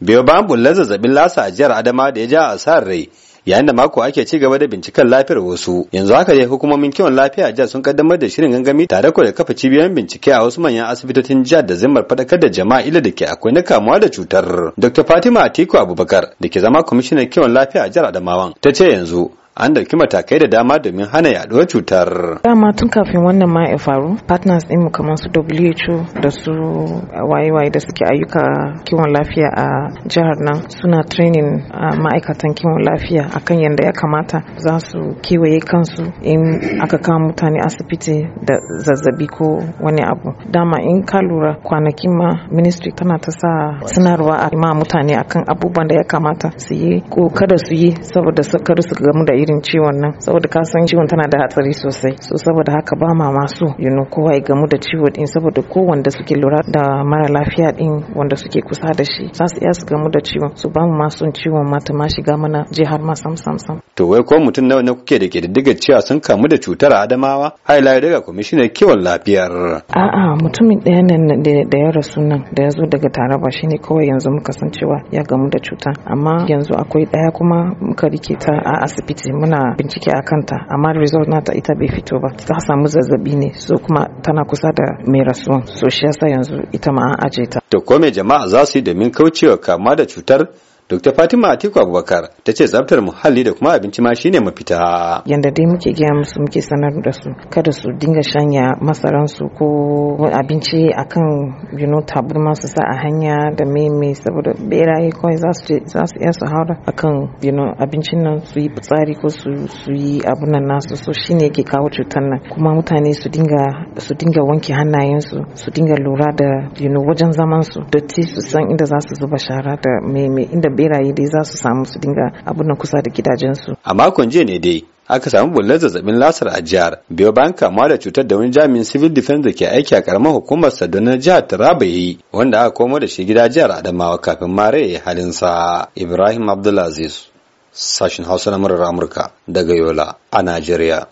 biyo bayan bullar zazzabin lasa a jihar adama da ya ja asarar rai yayin da mako ake ci gaba da binciken lafiyar wasu yanzu haka dai hukumomin kiwon lafiya jihar sun kaddamar da shirin gangami tare da kafa cibiyoyin bincike a wasu manyan asibitocin jihar da zimmar fadakar da jama'a ila da ke akwai na kamuwa da cutar dr fatima atiku abubakar da ke zama kwamishinan kiwon lafiya a jihar adamawan ta ce yanzu an dauki matakai da dama domin hana yaduwar cutar. Dama tun kafin wannan ma ya faru, partners din mu kamar su WHO da su waye da suke ayyuka kiwon lafiya a jihar nan suna training a ma'aikatan kiwon lafiya akan yadda ya kamata za su kewaye kansu in aka kama mutane asibiti da zazzabi ko wani abu. Dama in ka lura kwanakin ma ministry tana ta sa sanarwa a ma mutane akan abubuwan da ya kamata su yi ko kada su yi saboda kada su gamu da irin ciwon nan saboda ka san ciwon tana da hatsari sosai so saboda haka ba ma masu you kowa ya gamu da ciwo din saboda ko wanda suke lura da mara lafiya din wanda suke kusa da shi za su iya su gamu da ciwon su ba mu ma ciwon ma ma shiga mana jihar ma sam sam sam to wai ko mutum nawa ne kuke da ke diddiga cewa sun kamu da cutar adamawa layi daga kwamishinan kiwon lafiyar a'a mutumin ɗaya ne da ya rasu nan da ya zo daga taraba shine kawai yanzu muka san cewa ya gamu da cuta amma yanzu akwai ɗaya kuma muka rike ta a asibiti muna bincike a kanta amma result nata ita bai fito ba ta samu zazzabi ne so kuma tana kusa da mai rasuwan so shi yasa yanzu ita ma an aje ta to ko me jama'a za su yi domin kaucewa kama da cutar Dr. Fatima Atiku Abubakar ta ce tsaftar muhalli da kuma abinci ma shine mafita. Yanda dai muke gaya musu muke sanar da su kada su dinga shanya masaransu ko abinci akan you know tabarma su sa a hanya da meme saboda beraye kawai za su za su iya su haura akan you know abincin nan su yi tsari ko su su yi abun nan nasu so shine yake kawo cutar nan kuma mutane su dinga su dinga wanke hannayensu su dinga lura da you know wajen zaman su dotti su san inda za su zuba shara da meme inda beraye dai za su samu su dinga abun nan kusa da gidajensu a makon jiya ne dai aka samu bullar zazzabin lasar a jihar biyo bayan kamuwa da cutar da wani jami'in civil defense da ke aiki a karamar hukumar saduna jihar taraba yi wanda aka komo da shi gida jihar adamawa kafin mara ya halinsa ibrahim abdulaziz sashen hausa na murar amurka daga yola a najeriya